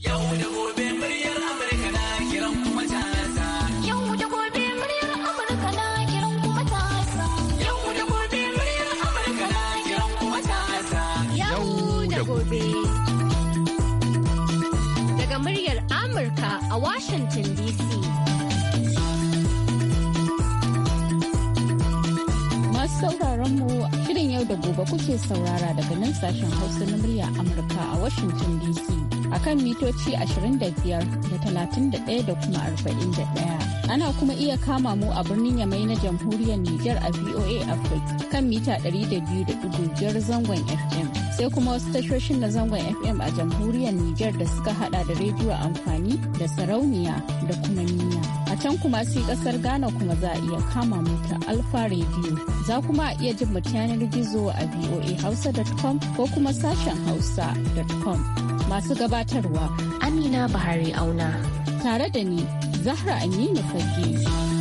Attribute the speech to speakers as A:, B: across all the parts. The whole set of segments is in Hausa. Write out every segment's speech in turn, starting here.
A: da gobe muryar Amurka na kiran da gobe muryar Amurka na kiran da gobe muryar Amurka
B: na
A: kiran da gobe.
B: Daga muryar Amurka a Washington DC. sauraron mu shirin yau da gobe kuke saurara daga nan sashen hausa na murya amurka a washington dc akan mitoci 25 da 31 da kuma 41 ana kuma iya kama mu a birnin yamai na jamhuriyar niger a voa africa kan mita 200.5 zangon fm sai kuma wasu tashoshin na zangon FM a jamhuriyar Nijar da suka hada da rediyo amfani da sarauniya da kuma niya. A can kuma sai kasar Ghana kuma za a iya kama mata Alfa Radio. Za kuma a iya jin mutu yanar gizo a voa voahausa.com ko kuma sashen hausa.com. Masu gabatarwa Amina Bahari Auna. Tare da ni Zahra Aminu Fage.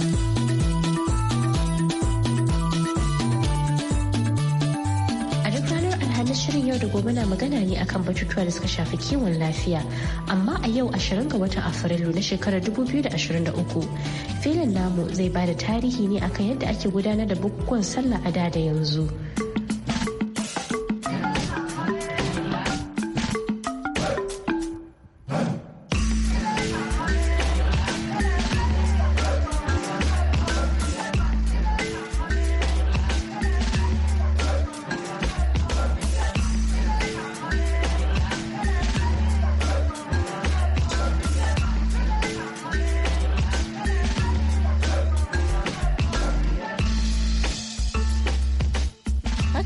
B: yau da gobe na magana ne akan batutuwa da suka shafi kiwon lafiya amma a yau 20 ga watan afrilu na shekarar 2023 filin namu zai ba da tarihi ne akan yadda ake gudanar da bukukuwan sallah a da da yanzu.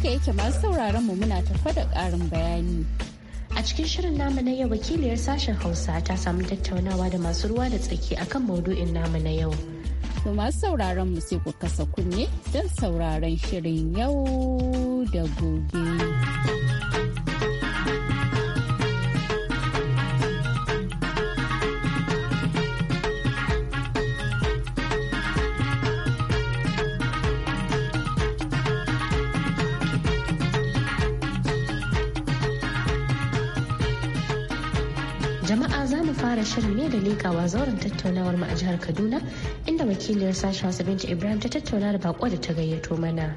B: Haka yake masu sauraron mu muna tafa da ƙarin bayani. A cikin shirin namu na yau wakiliyar sashen Hausa ta samu tattaunawa da masu ruwa da tsaki akan maudu'in namu na yau. Mu masu sauraron mu sai ku kasa kunne don sauraron shirin yau da gobe. wannan shirin ne da likawa zauren tattaunawar mu a jihar Kaduna inda wakiliyar sashen wasu binci Ibrahim ta tattauna da bako da ta gayyato mana.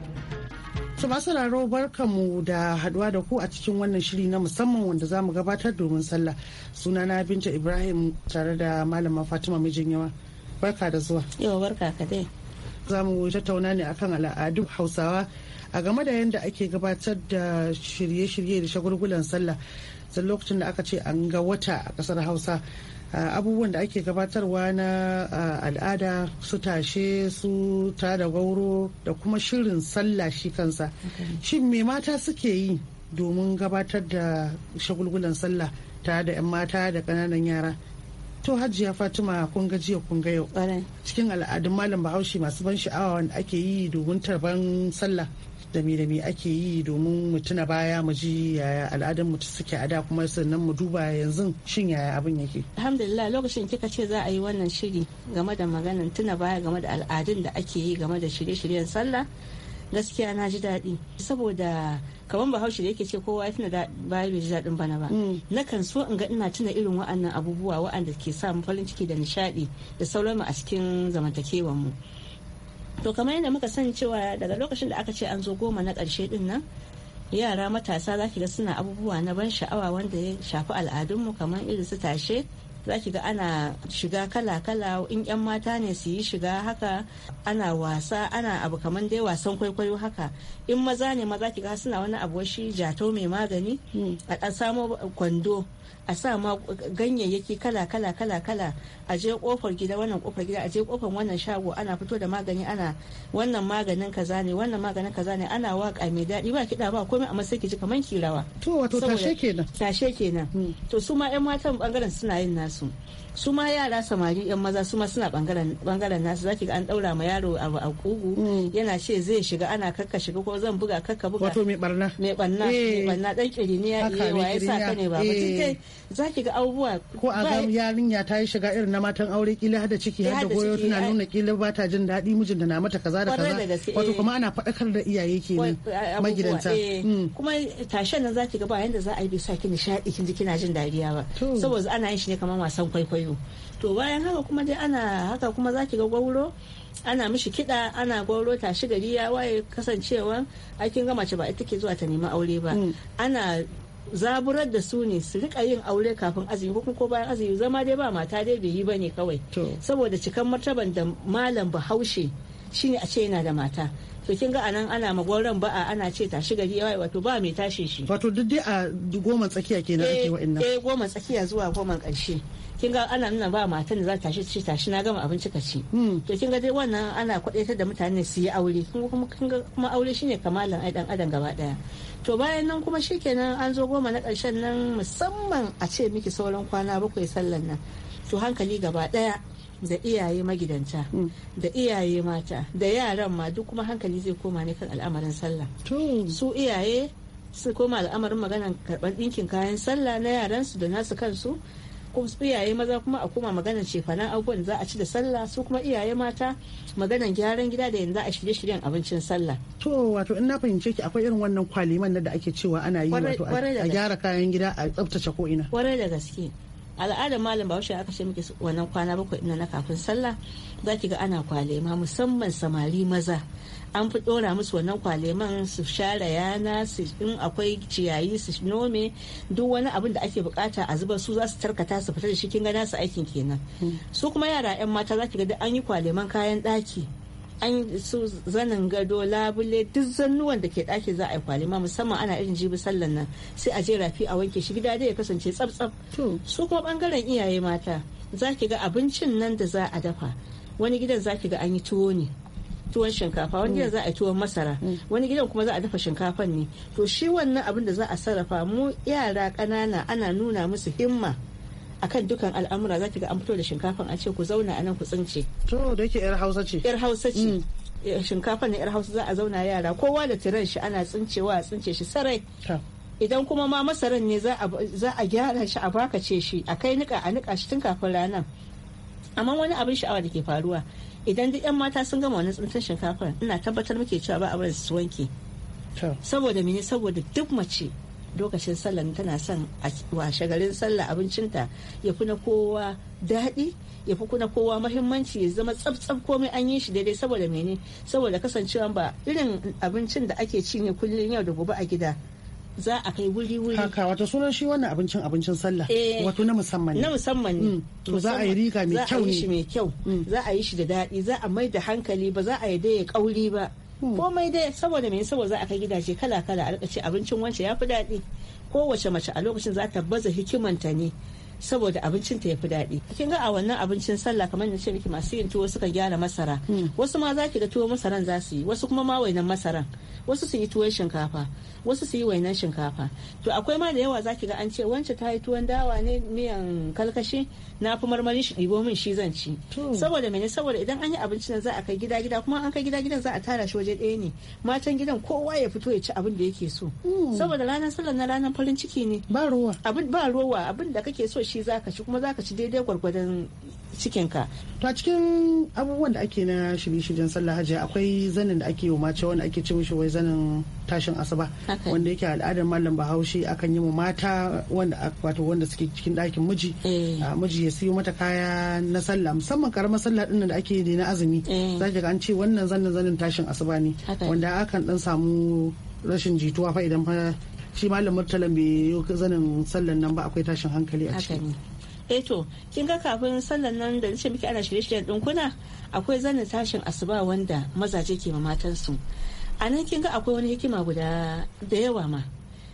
C: To masu raro barkamu da haduwa da ku a cikin wannan shiri na musamman wanda za mu gabatar domin sallah. suna na Binta Ibrahim tare da Malama Fatima mijin yawa. Barka da zuwa. Yawa barka ka dai. Za mu tattauna ne akan al'adu Hausawa a game da yadda ake gabatar da shirye-shirye da shagulgulan sallah. tun lokacin da aka ce an ga wata a kasar hausa abubuwan da ake gabatarwa na al'ada su tashe su tada gauro da kuma shirin sallah shi kansa shin me mata suke yi domin gabatar da shagulgulan sallah ta da 'yan mata da ƙananan yara to hajiya fatima kun ga jiya kun ga yau cikin al'adun malam bahaushe masu ban sha'awa wanda ake yi domin tarban sallah da me da me ake yi domin mu tuna baya mu ji yaya al'adun mu suke a da kuma sannan mu duba yanzu shin yaya abin yake
D: alhamdulillah lokacin kika ce za a yi wannan shiri game da maganan tuna baya game da al'adun da ake yi game da shirye-shiryen sallah gaskiya na ji daɗi saboda kamar bahaushe da yake ce kowa ya tuna baya bai ji daɗin bana ba mm. nakan so in ga ina tuna irin wa'annan abubuwa wa'anda ke sa mu farin ciki da nishaɗi da sauran mu a cikin zamantakewan mu to kamar yadda muka san cewa daga lokacin da aka ce an zo goma na ƙarshe din nan yara matasa za ga suna abubuwa na ban sha'awa wanda ya shafi al'adunmu kamar irin su tashe za ki ga ana shiga kala-kala in 'yan mata ne su yi shiga haka ana wasa ana abu kamar dai wasan kwaikwayo haka in maza ne maza ki ga suna wani abu shi jato mai magani a samo kwando a sa ma ganyayyaki kala kala kala kala a je kofar gida wannan kofar gida a je kofar wannan shago ana fito da magani ana wannan maganin kaza ne wannan maganin kaza ne ana waka mai daɗi ba kiɗa ba komai amma sai ki ji kaman kirawa to wato tashe kenan tashe kenan hmm. to su ma yan matan bangaren suna yin nasu 数。su ma yara samari yan maza su ma suna bangaren nasu zaki ga an daura ma yaro abu a kugu mm. yana ce zai shiga ana kakka shiga ko zan buga kakka buga wato mai barna mai barna eh. mai barna dan kiriniya iye wa ya sa ka ne ba eh.
C: za zaki ga abubuwa ko a ga yarinya ta yi shiga irin na matan aure kila hada ciki eh, har da goyo tana nuna kila ba ta jin daɗi mijin da na mata kaza da kaza wato kuma ana faɗakar
D: da iyaye ne magidanta mm. kuma tashen nan zaki ga ba yanda za a yi bai sa ki nishaɗi kin ji kina jin dariya ba saboda ana yin shi ne kamar wasan kwaikwayo yau to bayan haka kuma dai ana haka kuma za ki ga gwauro ana mishi kiɗa ana gwauro ta gari ya waye kasancewa aikin gama mace ba ita ke zuwa ta nemi aure ba mm. ana zaburar da su ne su rika yin aure kafin azumi ko ko bayan azumi zama dai ba mata dai bai yi ba ne kawai saboda cikan martaban da malam bahaushe shine a ce yana da mata to kin ga anan ana ba ba'a ana ce ta shiga gari yawa wato ba mai tashe shi wato duk dai a goma tsakiya kenan ake eh, wa'annan eh goma tsakiya zuwa goma karshe. kin ga ana nuna ba matan da za ta tashi tashi na gama abinci ka ci hmm. to kin ga dai wannan ana kwadaitar da mutane su yi aure kuma aure shine kamalan ai dan adam gaba daya to bayan nan kuma shikenan an zo goma na karshen nan musamman a ce miki sauran kwana bakwai sallan nan to hankali gaba daya da iyaye magidanta hmm. da iyaye mata da yaran ma duk kuma hankali zai koma ne kan al'amarin sallah su iyaye su koma al'amarin maganan karban ɗinkin kayan sallah na yaransu da nasu kansu ko iyaye maza kuma a koma maganar cefanen abubuwan za a ci da sallah su kuma iyaye mata maganar gyaran gida da yanzu a shirye-shiryen abincin sallah. to
C: wato in na fahimce ki akwai irin wannan kwaliman da ake cewa ana yi wato a gyara kayan gida a
D: tsaftace ko ina. kwarai da gaske al'adar malam bahaushe aka ce muke wannan kwana bakwai ina na kafin sallah za ki ga ana kwalema musamman samari maza an fi dora musu wannan kwaleman su share yana su in akwai ciyayi su nome duk wani abin da ake bukata a zuba su za su tarkata su fita da shi kin ga su aikin kenan su kuma yara yan mata za ki ga duk an yi kwaleman kayan daki an su zanin gado labule duk zannuwan da ke daki za a yi kwalima musamman ana irin jibi sallan nan sai a je rafi a wanke shi gida dai ya kasance tsabtsab su kuma bangaren iyaye mata za ki ga abincin nan da za a dafa wani gidan za ki ga an yi tuwo ne tuwon shinkafa wani gidan za a yi tuwon masara wani gidan kuma za a dafa shinkafan ne to shi wannan abin da za a sarrafa mu yara ƙanana ana nuna musu himma akan dukan al'amura za ki ga an fito da shinkafan a ce ku zauna a nan ku tsince. To da yake yar Hausa ce. Yar Hausa ce. Mm. Eh, shinkafan na yar Hausa za a zauna yara kowa da tiran shi ana tsincewa a tsince shi sarai. Idan kuma ma masaran ne za a gyara shi a bakace shi a kai nika a nika shi tun kafin ranar. Amma wani abin sha'awa da ke faruwa idan duk yan mata sun gama wani tsuntar shinkafar ina tabbatar muke cewa ba a bar su wanke saboda mene saboda duk mace lokacin sallah tana son a washe garin sallah abincinta ya fi na kowa daɗi ya fi kuna kowa mahimmanci ya zama tsabtsab komai an yi shi daidai saboda mene saboda kasancewa ba irin abincin da ake ci ne kullum yau da gobe a gida za a kai wuri wuri haka
C: wato sunan shi wannan abincin abincin sallah eh, wato na musamman na musamman ne mm, to za a yi riga mai kyau ne mai
D: kyau mm. za a yi shi da daɗi za a mai da hankali ba za a yi ya kauri ba mm. komai dai saboda me saboda za a kai gidaje kala kala a rika ce abincin wance ya fi daɗi kowace mace a lokacin za ta baza hikimanta ne saboda abincin ta yafi daɗi kin ga a wannan abincin sallah kamar da ce miki masu yin tuwo suka gyara masara hmm. wasu ma za ki ga tuwo masaran za su yi wasu kuma ma wainan masaran wasu su yi tuwon shinkafa wasu su yi wainan shinkafa to akwai ma da yawa za ki ga an ce wance ta yi tuwon dawa ne miyan kalkashi na fi marmari shi ɗibo min shi zan ci saboda mene saboda idan an yi abincin za a kai gida gida kuma an kai gida gidan za a tara shi waje ɗaya ne matan gidan kowa ya fito ya ci abin da yake so hmm. saboda ranar sallah na ranar farin ciki ne ba ruwa abin ba ruwa abin da kake so shi ka ci kuma ka ci daidai gwargwadon cikinka. To
C: a cikin abubuwan da ake na shirye-shiryen sallah hajji akwai zanin da ake yi mace wanda ake ce mishi wai zanin tashin asaba wanda yake al'adar mallam bahaushe akan yi mata wanda wato wanda suke cikin ɗakin miji eh. miji ya siyo mata kaya na sallah musamman karamar sallah din da ake yi na azumi eh. za ga an ce wannan zanin zanin tashin asuba ne wanda akan dan samu rashin jituwa fa idan shi malam murtala bai yi zanin sallan nan ba akwai tashin hankali a ciki
D: eh to kin ga kafin sallan nan da nace miki ana shirye-shiryen dinkuna akwai zanin tashin asuba wanda mazaje ke ma matansu a nan kin ga akwai wani hikima guda da yawa ma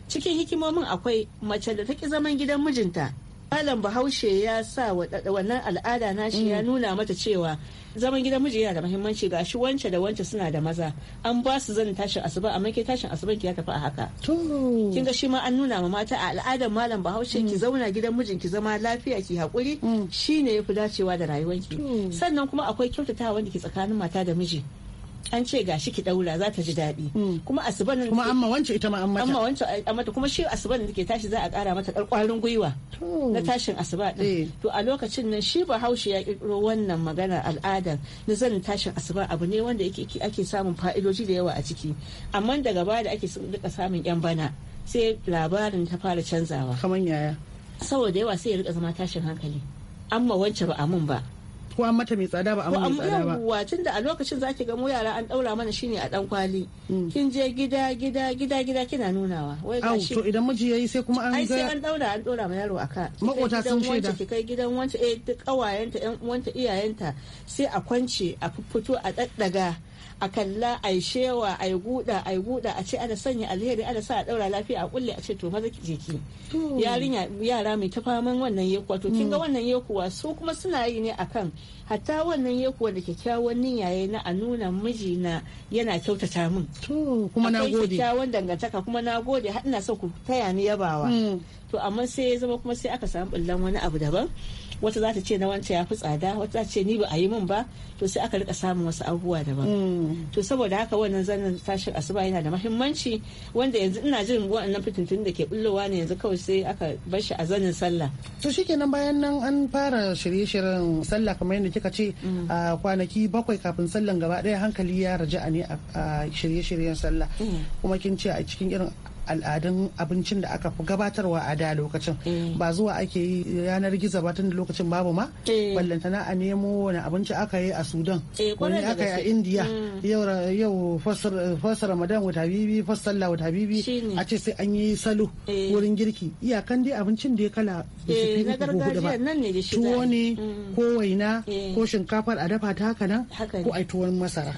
D: cikin hikimomin akwai mace da ta ki zaman gidan mijinta malam bahaushe ya sa wannan al'ada na shi ya mm. nuna mata cewa zaman gidan miji yana da muhimmanci ga shi wance da wance suna da maza an ba su zan tashin asuba amma ke tashin asuban ki ya tafi a haka kin ga shi ma an nuna ma mata a al'adar malam bahaushe ki mm. zauna gidan mijin ki zama lafiya ki hakuri mm. shine yafi dacewa da ki. sannan kuma akwai kyautatawa wanda ke tsakanin mata da miji an ce ga shi ki daura za ta ji daɗi hmm. kuma nan kuma amma wancan ita ma an mata amma wancan an mata kuma shi asuba da take tashi za a ƙara mata ƙarƙwarin gwiwa na tashin asuba din eh. to a lokacin nan shi bahaushe ya kirkiro wannan magana al'adar na zan tashin asuba abu ne wanda yake ake samun fa'idoji da yawa a ciki amma daga baya da ake duka samun yan bana sai labarin ta fara canzawa kamar yaya saboda yawa sai ya rika zama tashin hankali amma wancan ba a mun ba ko an mata mai tsada ba an mai tsada ba yawwa tun da a lokacin zaki ga mu yara an daura mana shine a dan kwali mm. kin je gida gida gida gida kina nunawa wai gashi to idan miji yayi sai kuma an ga ai sai an daura an daura ma yaro aka makota sun shaida kai gidan wance eh kawayenta yan uwanta iyayenta sai a kwance a fito a daddaga a kalla a shewa a yi guda a yi guda a ce ana sanya alheri ana sa a daura lafiya a kulle a ce to maza ki jiki yarinya yara mai ta faman wannan yekuwa to kinga mm. wannan yekuwa su kuma suna yi ne akan hatta wannan yekuwa da kyakkyawan niyyaye na a nuna mijina yana kyautata min to kuma na gode kyakkyawan dangantaka kuma na gode har ina so ku taya ni yabawa mm. to amma sai ya zama kuma sai aka samu bullan wani abu daban wata za ta ce na wancan ya fi tsada wata za ta ce ni ba a yi min ba to sai aka rika samun wasu abubuwa daban mm. to saboda haka wannan zanen tashin asuba yana da mahimmanci wanda yanzu ina jin wannan fitintun da ke bullowa ne yanzu kawai sai aka bar shi a zanen sallah
C: to shikenan bayan nan an fara shirye-shiryen sallah kamar yadda kika ce mm. a kwanaki bakwai kafin sallan gaba daya hankali ya raja'a ne a shirye-shiryen sallah mm. kuma kin ce a cikin irin al'adun abincin da aka fi gabatarwa a da lokacin eh. ba zuwa ake yi yanar gizo ba tun lokacin babu ma eh. ballantana a nemo wani abinci aka yi a sudan eh, wani aka yi a indiya mm. yau fasa ramadan wata bibi fasa sallah wata bibi a ce sai an yi salo wurin girki iyakan dai abincin da ya kala tuwo ne mm. ko waina ko shinkafar a dafa ta haka nan ko a tuwon masara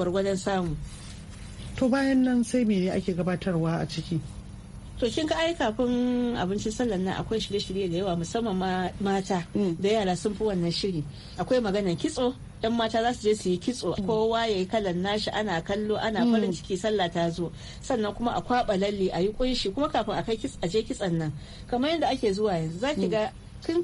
C: to bayan nan sai me ake gabatarwa a ciki
D: to kin ka aika kafin abincin sallan nan akwai shirye-shirye da yawa musamman mata mm. da yara sun fi wannan shiri akwai maganar kitso yan mata za su je su yi kitso mm. kowa ya yi kalan nashi ana kallo ana mm. farin ciki sallah ta zo sannan kuma a kwaba lalle a yi kunshi kuma kafin a kai a je kitsan nan kamar yadda ake zuwa yanzu za ki ga tun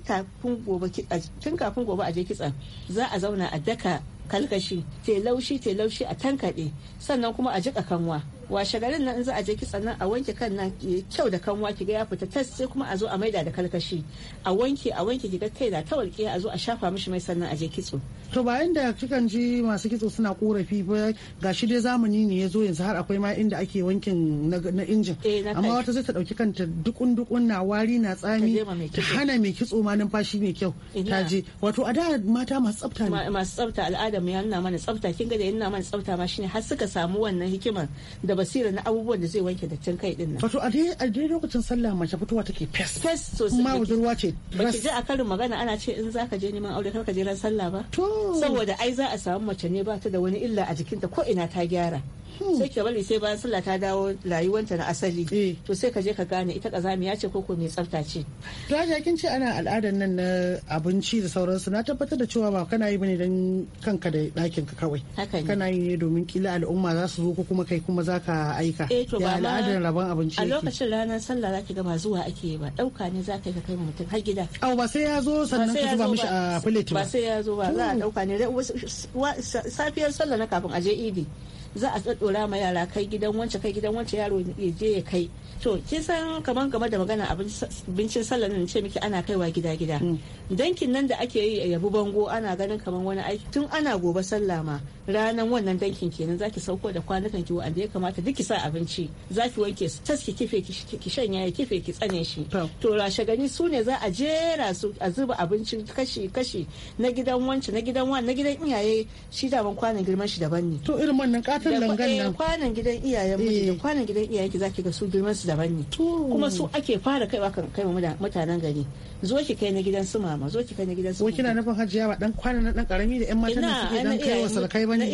D: kafin gobe a je kitson za a zauna a daka kalkashi te laushi te laushi a tankaɗe sannan kuma a jika kanwa washe garin nan za a je kitsan nan a wanke kan nan kyau da kanwa ga ya fita tas sai kuma a zo a maida da kalkashi a wanke a wanke kiga kai da tawalki a zo a shafa mishi mai sannan a je kitso to bayan
C: da kikan ji masu kitso suna korafi ba gashi dai zamani ne ya zo yanzu har akwai ma inda ake wankin na injin eh, amma wata zai ta dauki kanta dukun dukun na wari na tsami ta hana mai kitso ma numfashi mai kyau eh, ta je wato a da mata masu tsafta ne
D: masu tsafta al'adar mu ya mana tsafta kin ga da yana mana tsafta ma shine har suka samu wannan hikimar da basira na abubuwan da zai wanke dattin kai din nan wato
C: a dai lokacin sallah mace fitowa take fes fes sosai ma
D: budurwa ce ba ji a karin magana ana ce in zaka je neman aure kar ka je ran sallah ba to saboda ai za a samu mace ne ba ta da wani illa a jikinta ko ina ta gyara Hmm. sai ke bari sai bayan sallah ta dawo rayuwanta na asali eh. to sai ka je ka gane ita kazamiya ce ko mai tsafta ce to
C: kin ce ana al'adar nan na abinci da sauransu na tabbatar da cewa ba kana yi bane dan kanka da ɗakin ka kawai kana yi ne domin kila al'umma za su zo ko kuma kai kuma zaka aika eh, ya al'adar rabon abinci a lokacin
D: ranar sallah zaki ga ba zuwa ake ba dauka ne zaka ka kai mutum har gida au ba sai ya zo sannan ka zuba mishi a plate ba ba sai ya zo ba za a dauka hmm. ne safiyar sallah na kafin aje idi za a tsatsora ma yara kai gidan wance kai gidan wance yaro ya je ya kai to kin san kamar game da magana abincin sallah nan ce miki ana kaiwa gida gida mm. dankin nan da ake yi a yabu bango ana ganin kamar wani aiki tun ana gobe sallah ma ranan wannan dankin kenan zaki sauko da kwanukan ki wanda ya kamata duk ki sa abinci zaki wanke su taski kife ki shanya ya kife ki tsane shi to rashe gani su ne za a jera su a zuba abincin kashi kashi na gidan wance na gidan wani na gidan iyaye shi daman kwanan girman shi daban ne to irin wannan zafin langan eh, nan kwanan gidan iyayen mu da eh. kwanan gidan iyayen ki zaki ga su girman su daban ne kuma su ake fara kai wa kai mutanen gari zo ki kai na gidan su mama zo ki kai na gidan su kina nufin hajiya ba dan kwanan na dan karami da yan matan da suke dan kai wa salkai bane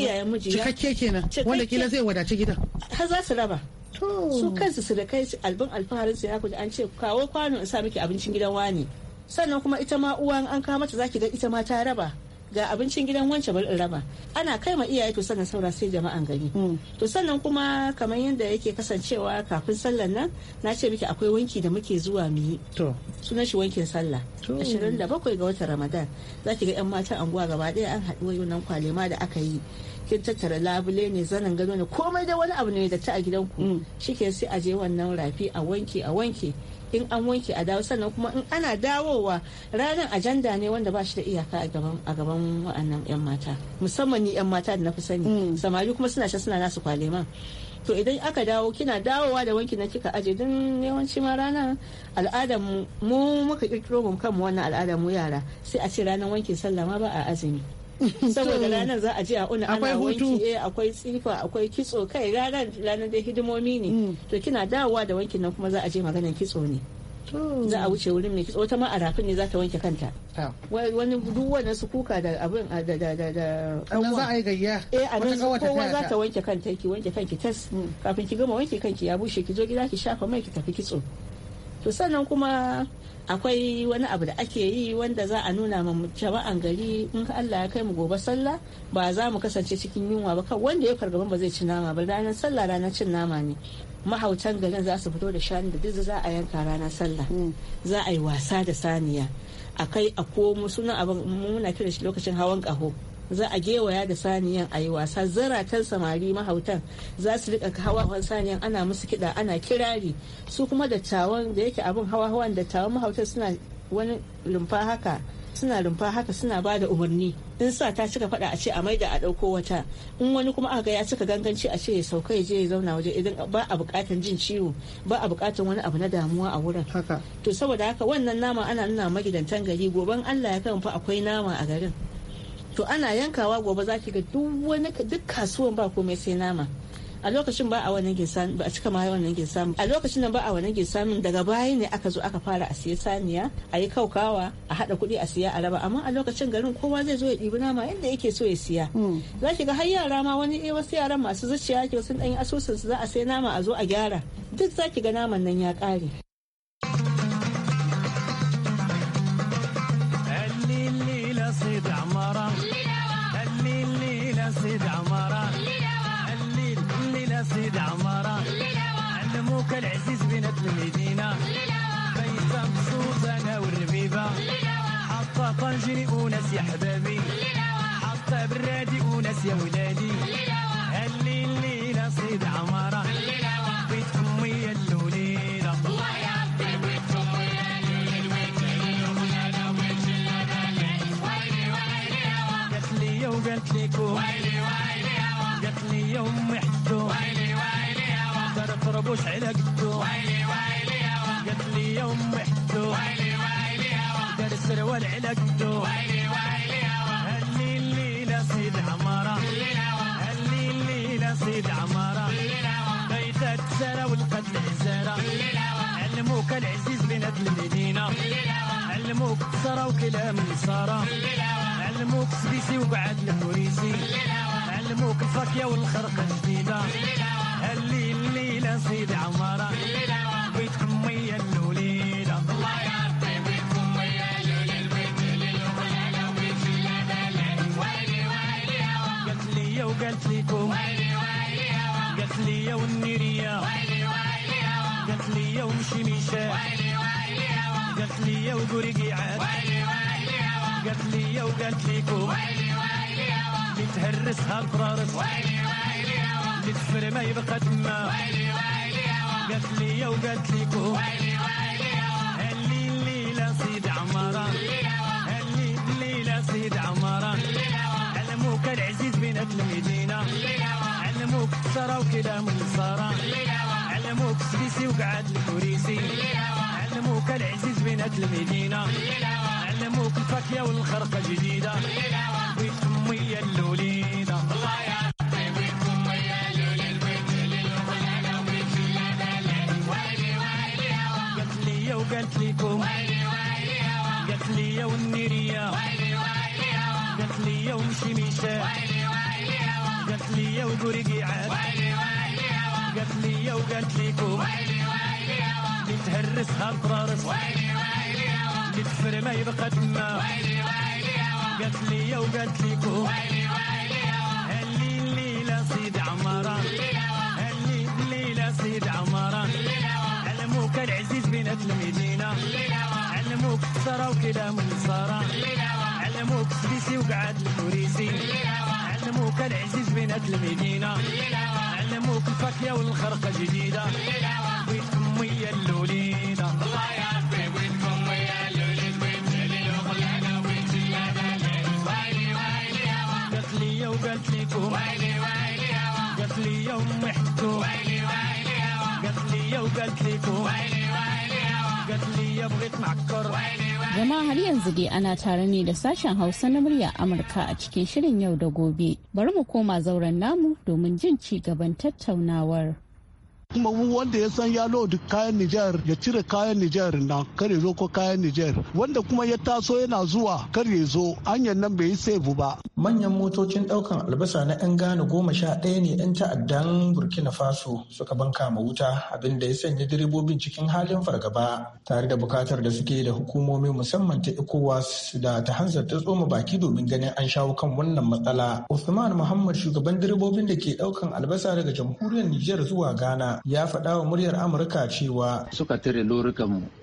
D: cikakke kenan wanda kila zai
C: wadaci gidan har
D: za su raba su kansu su da kai albin alfaharin su ya kuji an ce kawo kwano in sa miki abincin gidan wani sannan kuma ita ma uwan an kawo mata zaki ga ita ma ta raba ga abincin gidan wance raba ana kai ma iyaye to sannan saura sai jama'an gani hmm. to sannan kuma kamar yadda yake kasancewa kafin sallar nan na ce miki akwai wanki da muke zuwa mu yi to sunan shi wankin sallah 27 ga watan ramadan za ki ga yan matan anguwa gaba ɗaya an haɗu nan kwalema da aka yi kin tattara labule ne zanen gado ne komai da wani abu ne da ta a gidanku hmm. shi ke sai a je wannan rafi a wanke a wanke in an wanke a dawo sannan kuma in ana dawowa ranar ajanda ne wanda ba shi da iyaka a gaban a gaban wa'annan yan mata musamman ni yan mata da na fi sani mm. samari kuma suna shi suna nasu kwaleman to idan aka dawo kina dawowa da wanki na kika aje don yawanci ma ranar al'adar mu muka kirkiro mu kanmu wannan al'adar mu yara sai a ce ranar wankin sallama ba a azumi saboda ranar za a je a una ana wanki eh, akwai tsifa akwai kitso kai ranar ranar da hidimomi ne mm. to kina dawowa da wankin nan kuma za a je maganar kitso ne za a wuce wurin mai kitso wata ma a rafin ne za ta wanke kanta ah. wani duk wani su kuka da abin da da da da kanwa za a yi gayya eh a nan kowa za ta wanke kanta ki wanke kanki tas mm. kafin ki gama wanke kanki ya bushe ki zo gida ki shafa mai ki tafi kitso to sannan kuma akwai wani abu da ake yi wanda za a nuna ma jama'an gari in ka Allah ya kai mu gobe sallah ba za mu kasance cikin yunwa ba kan wanda ya fargaban ba zai ci nama ba ranar sallah ranar cin nama ne mahautan garin za su fito da shanu da duk za a yanka ranar sallah mm. za a yi wasa da saniya akai a komo sunan abin muna kira shi lokacin hawan kaho za a gewaya da saniyan a yi wasa zaratan samari mahautan za su rika hawa saniyan ana musu kiɗa ana kirari su kuma dattawan da yake abin hawa hawan dattawan mahautan suna wani rumfa haka suna rumfa haka suna ba da umarni in sa ta cika fada a ce a maida a dauko wata in wani kuma aka ya cika ganganci a ce ya sauka ya je ya zauna waje idan ba a bukatan jin ciwo ba a bukatan wani abu na damuwa a wurin haka to saboda haka wannan nama ana nuna magidantan gari goban Allah ya kan fa akwai nama a garin to ana yankawa gobe za ki ga duk wani duk kasuwan ba komai sai nama a lokacin ba a wannan samun ba a cika ma wani a lokacin nan ba a wannan samun daga baya ne aka zo aka fara a siya saniya a yi kaukawa a hada kuɗi a siya a raba amma a lokacin garin kowa zai zo ya ɗibi nama yadda yake so ya siya hmm. za ki ga har yara ma wani eh wasu yaran masu zuciya ke wasu ɗan asusun su za a sai nama a zo a gyara duk za ki ga naman nan ya ƙare.
E: العمارة علموك العزيز بنات المدينة بيتا مبسوط أنا والربيبة حطة طنجري وناس يا حبابي حطة برادي وناس يا ولادي الليل ليلة صيد عمارة بيت أمي اللوليلة قالت لي وقالت لكم قالت لي يا أمي وش علقته ويلي ويلي هوا قلت لي يا امي حتو ويلي ويلي هوا درسر والعلقته ويلي ويلي هوا هلي الليلة سيد عمارة هلي الليلة سيد عمارة بيتك سرى والقتل عزارة علموك العزيز بندل المدينة علموك سرى وكلام نصارى علموك سبيسي وقعد الفريسي علموك الفاكية والخرقة جديدة الليل الليلة سيد عمرة بيتكم ويا الوليدة الله يا ربي بيتكم ويا الوليل بيت
A: الليل وغلالة وبيت اللبلان ويلي ويلي
E: هوا قالت لي وقالت لكم ويلي ويلي هوا قالت لي والنيرية
A: ويلي ويلي
E: هوا قالت لي ومشي مشاء ويلي
A: ويلي هوا
E: قالت لي وقرقي عاد ويلي
A: ويلي هوا
E: قالت لي وقالت لكم ويلي ويلي
A: هوا
E: اللي تهرسها ويلي الصفر ما يبقى تما ويلي ويلي قالت لي وقالت لكم ويلي ويلي هاللي الليلة سيد عمران هاللي الليلة سيد عمران علموك العزيز بنات المدينة علموك الثرى وكلام النصارى علموك سبيسي وقعد الكريسي علموك العزيز بنات المدينة علموك الفاكية والخرقة جديدة ويتمية اللولين وشميشة قالت لي وقرقي عاد قالت لي وقالت لكم اللي تهرسها مطرارس
A: اللي
E: تفر ما يبقى تما قالت لي وقالت لكم هاللي الليلة سيد عمارة هاللي الليلة سيد عمارة علموك العزيز بنات المدينة علموك تسرى وكلام النصارى علموك سبيسي وقعد الفوريسي علموك العزيز بنات المدينة علموك الفاكهة والخرقة جديدة بيتكم ويا اللولينا يا ربي ويلي ويلي قالت لي وقالت ويلي ويلي يا قالت لي أمي حتكم ويلي ويلي يا قالت لي وقالت ليكم ويلي ويلي يا قالت لي بغيت معكر
B: Jama'a har yanzu dai ana tare ne da sashen Hausa na murya Amurka a cikin shirin yau da gobe. Bari mu koma zauren namu domin jin ci gaban tattaunawar.
F: kuma wanda ya san ya lodi kayan Nijar ya cire kayan Nijar na kar ya zo ko kayan Nijar wanda kuma ya taso yana zuwa kar ya zo hanyar nan bai yi save ba. Manyan motocin daukan albasa na 'yan Ghana goma sha ɗaya ne 'yan ta'addan Burkina Faso suka banka ma wuta abin da ya sanya direbobin cikin halin fargaba tare da bukatar da suke da hukumomi musamman ta ECOWAS da ta hanzarta tsoma baki domin ganin an shawo kan wannan matsala. Usman Muhammad shugaban direbobin da ke daukan albasa daga jamhuriyar Nijar zuwa Ghana ya faɗa wa muryar Amurka cewa suka tare mu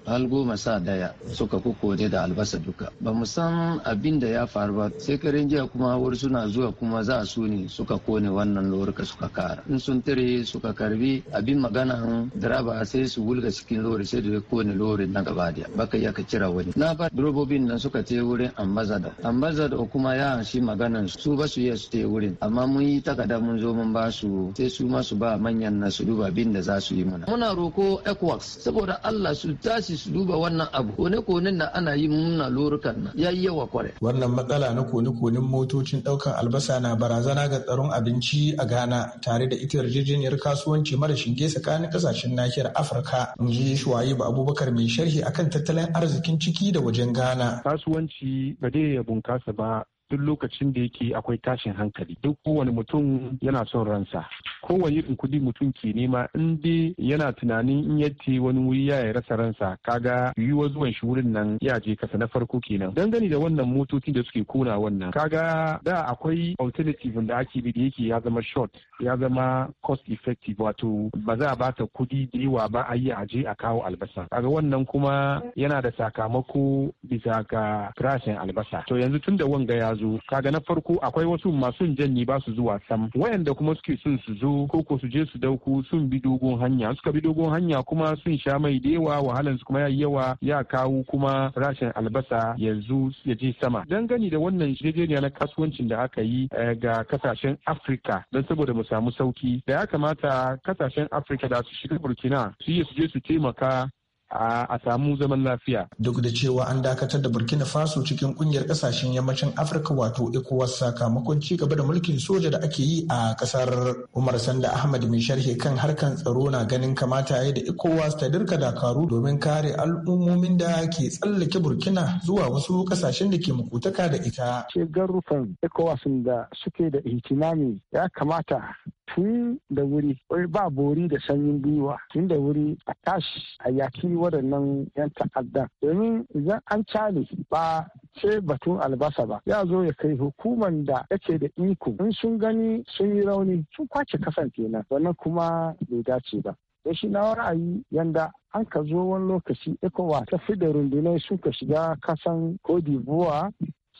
F: har goma sa daya suka kone da albasa duka.
C: Ba mu san abin da ya faru ba sai karin jiya kuma wani suna zuwa kuma za su ne suka kone wannan loruka suka kara. In sun tare suka karbi abin magana direba sai su wulga cikin lori sai da kone lori na gaba daya. Baka iya ka kira wani. Na ba durobobin nan suka te wurin Ambazada ambazada kuma ya shi maganan su ba su iya su te wurin amma mun yi takada mun zo mun ba su sai su ma su ba manyan na su duba abin da za su yi mana muna roko Equax saboda allah su tashi su duba wannan abu kone konen da ana yi muna lorukan nan yi yawa
F: kware wannan matsala na kone konen motocin ɗaukar albasa na barazana ga tsaron abinci a ghana tare da ita yarjejeniyar kasuwanci mara shinge tsakanin kasashen nahiyar afirka in ji ba abubakar mai sharhi akan tattalin arzikin ciki da wajen ghana
G: kasuwanci ba dai ya bunkasa ba duk lokacin da yake akwai tashin hankali duk kowane mutum yana son ransa kowane irin kudi mutum ke nema in dai yana tunanin in yace wani wuri ya rasa ransa kaga yiwuwar zuwan shi wurin nan ya je kasa na farko kenan dangane da wannan motocin da suke kona wannan kaga da akwai alternative da ake bi da yake ya zama short ya zama cost effective wato ba za a bata kudi da yawa ba a yi a je a kawo albasa kaga wannan kuma yana da sakamako bisa ga farashin albasa to yanzu tun da wanga ya zo kaga na farko akwai wasu masu janni ba su zuwa sam wayanda kuma suke son su zo ko ko su je su dauko sun bi dogon hanya suka bi dogon hanya kuma sun sha mai da yawa wahalan su kuma yayi yawa ya kawo kuma rashin albasa yanzu ya je sama gani da wannan shirye na kasuwancin da aka yi eh, ga kasashen afrika don saboda mu samu sauki da ya kamata kasashen afrika da su shiga Burkina su je su taimaka a samu zaman lafiya.
F: Duk da cewa an dakatar da Burkina Faso cikin kungiyar kasashen yammacin Afirka wato ECOWAS sakamakon ci gaba da mulkin soja da ake yi a kasar Umar Sanda Ahmad mai sharhe kan harkan tsaro na ganin kamata ya da ECOWAS ta dirka dakaru domin kare al'ummomin da ke tsallake Burkina zuwa wasu kasashen da ke mukutaka da
G: ita. Shegarufan ECOWAS da suke da ihtimami ya kamata tun da wuri ba bori da sanyin gwiwa tun da wuri a tashi a yaki waɗannan 'yan ta'addan domin idan an cale ba sai batun albasa ba ya zo ya kai hukuman da yake da iko in sun gani sun yi rauni sun kwace kasan kenan wannan kuma bai dace ba da shi na ra'ayi yanda an ka zo wani lokaci ecowa ta fi da rundunai suka shiga kasan cote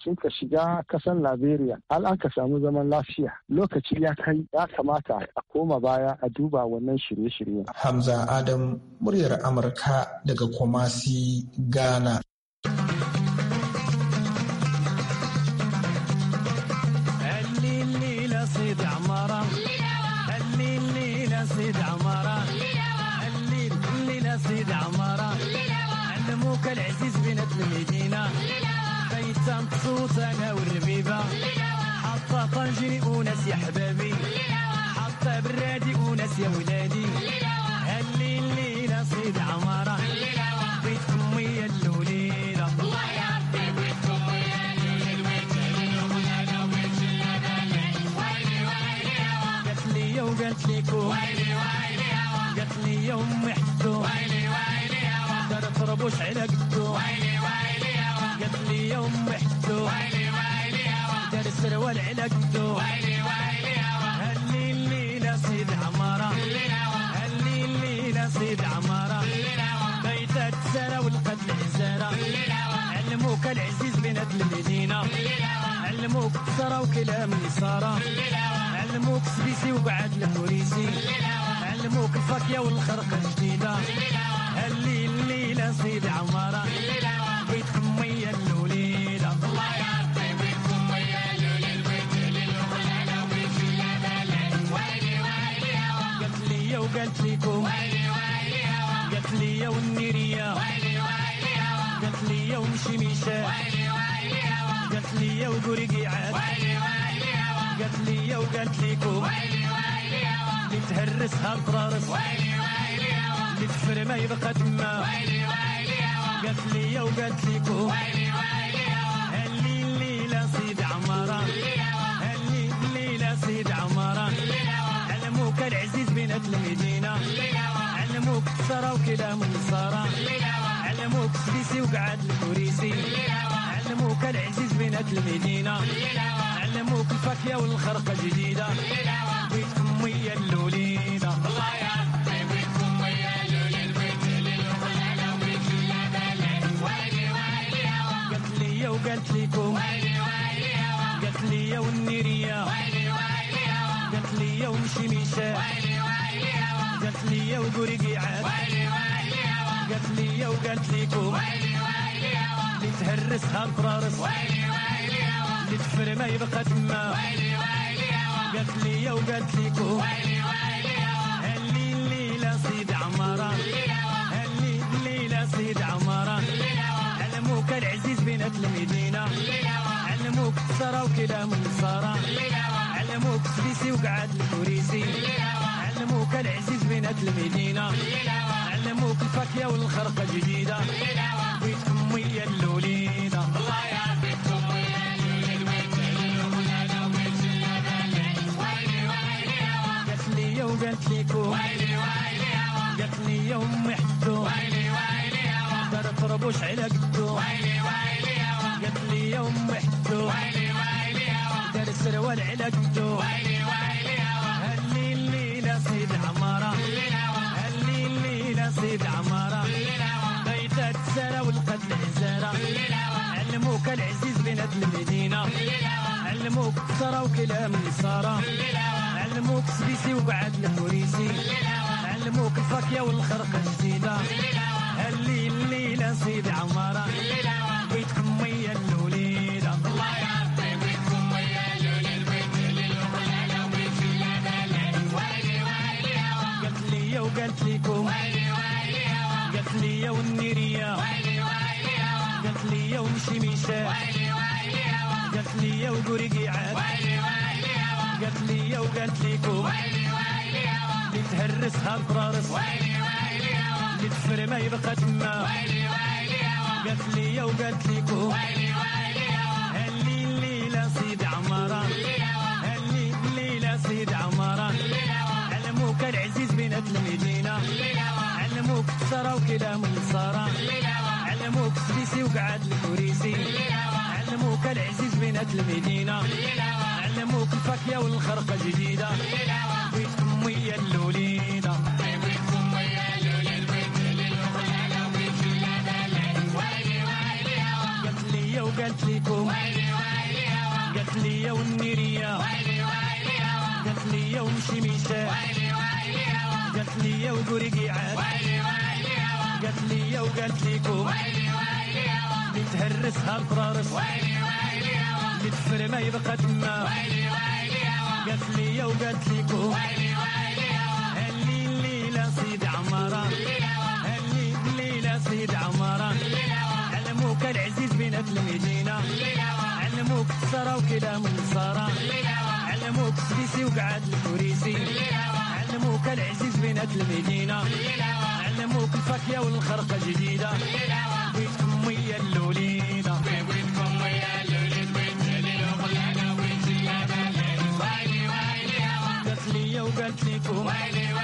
G: ka shiga kasar Liberia al ka samu zaman lafiya lokaci ya kai ya kamata a koma baya a duba wannan shirye-shiryen.
F: Hamza Adam muryar Amurka daga Kumasi Ghana.
E: تم مقصوص انا والربيبه حطه طنجري وناس يا حبابي حطه برادي وناس يا ولادي الليل الليله صيد عماره بيت امي يا اللوليله قالت لي وقالت لكم ويلي ويلي هوا قالت لي يا امي حسوا ويلي
A: ويلي هوا
E: دار طربوش على قدو ويلي ويلي يوم محتو ويلي
A: ويلي هوا دار
E: السروال علقتو ويلي ويلي يا هوا هلي الليلة صيد عمارة هلي الليلة صيد عمارة بيتات سارة والقتل حزارة علموك العزيز بنات المدينة علموك سارة وكلام نصارى علموك سبيسي وبعد الموريسي علموك الفاكيا والخرقة الجديدة هلي الليلة صيد عمارة وقالت لكم ويلي ويلي هوا قالت لي يا والنيرية ويلي ويلي هوا قالت لي يا ومشميشة ويلي ويلي هوا قالت لي يا وقرقيعات ويلي ويلي هوا قالت لي يا وقالت لكم ويلي
A: ويلي هوا اللي
E: تهرسها الطرارس ويلي
A: ويلي هوا اللي
E: تفر ما يبقى تما ويلي
A: ويلي هوا قالت
E: لي يا وقالت لكم ويلي ويلي هوا اللي الليلة صيد عمرة سرى وكلا من سرى علموك سليسي وقعد الكريسي علموك العزيز بنات المدينة علموك الفاكهة والخرقة جديدة بيتكم ويا اللولينا الله يا وقالت ليكم ويلي ويلي هوا قالت لي يا والنيرية ويلي ويلي هوا قالت لي يا ومشي ميشا ويلي قالت لي وقرقي عاد ويلي
A: ويلي يوا قالت
E: لي وقالت ليكم ويلي
A: ويلي يوا اللي
E: تهرسها مطرارس ويلي
A: ويلي يوا
E: اللي تفر ما يبقى تما ويلي
A: ويلي يوا
E: قالت لي وقالت ليكم ويلي ويلي يوا هاللي الليلة صيد عمارة هاللي الليلة صيد عمارة علموك العزيز بنات المدينة علموك تسرى وكلام النصارى علموك سبيسي وقعد الكريسي علموك العزيز بنات المدينة علموك الفاكهة والخرقة جديدة بيتكم ويا اللولينا الله يعطيكم
A: ويا الوليد ويتعللوا ولانا ويتشلنا ويلي ويلي هوا
E: قالت لي وقالت ليكو ويلي ويلي هوا قالت لي يا أمي حدو ويلي ويلي هوا دار طربوش على قدو ويلي ويلي هوا قالت لي يا أمي حدو ويلي ويلي هوا دار السروال على قدو ويلي ويلي سيد عمارة اللي الليلة سيد عمارة بيتات سارة والقد العزارة علموك العزيز بنات المدينة علموك سارة وكلام نصارى علموك سبيسي وبعد الفريسي علموك الفاكية والخرقة الجديدة اللي الليلة سيد عمارة فرارس هالفرارس ويلي ويلي يوا تكفر ما يبقى تما ويلي
A: ويلي يوا
E: قالت لي وقالت ليكو ويلي ويلي يوا هاللي الليلة سيد عمارة هاللي الليلة سيد عمارة علموك العزيز بنات المدينة علموك ترى وكلام النصارى علموك سبيسي وقعد الكريسي علموك العزيز بنات المدينة علموك الفاكهة والخرقة جديدة ماشي ويلي ويلي هوا قالت لي يا وقرقي عاد
A: ويلي ويلي هوا
E: قالت لي يا وقالت ليكم ويلي
A: ويلي هوا اللي
E: تهرسها الطرارس ويلي
A: ويلي هوا
E: اللي تفر ما يبقى تما ويلي
A: ويلي هوا
E: قالت لي يا وقالت ليكم ويلي ويلي هوا هاللي الليلة سيد عمارة هاللي الليلة سيد عمارة علموك العزيز بنات المدينة علموك السرا وكلام النصارى علموك سديسي وقعد الكوريسي علموك العزيز بنات المدينة علموك الفاكية والخرقة جديدة بيتكم ويا اللوليدة بيتكم ويا اللوليد وين جليل وقلعنا وين ويلي ويلي قالت لي ويلي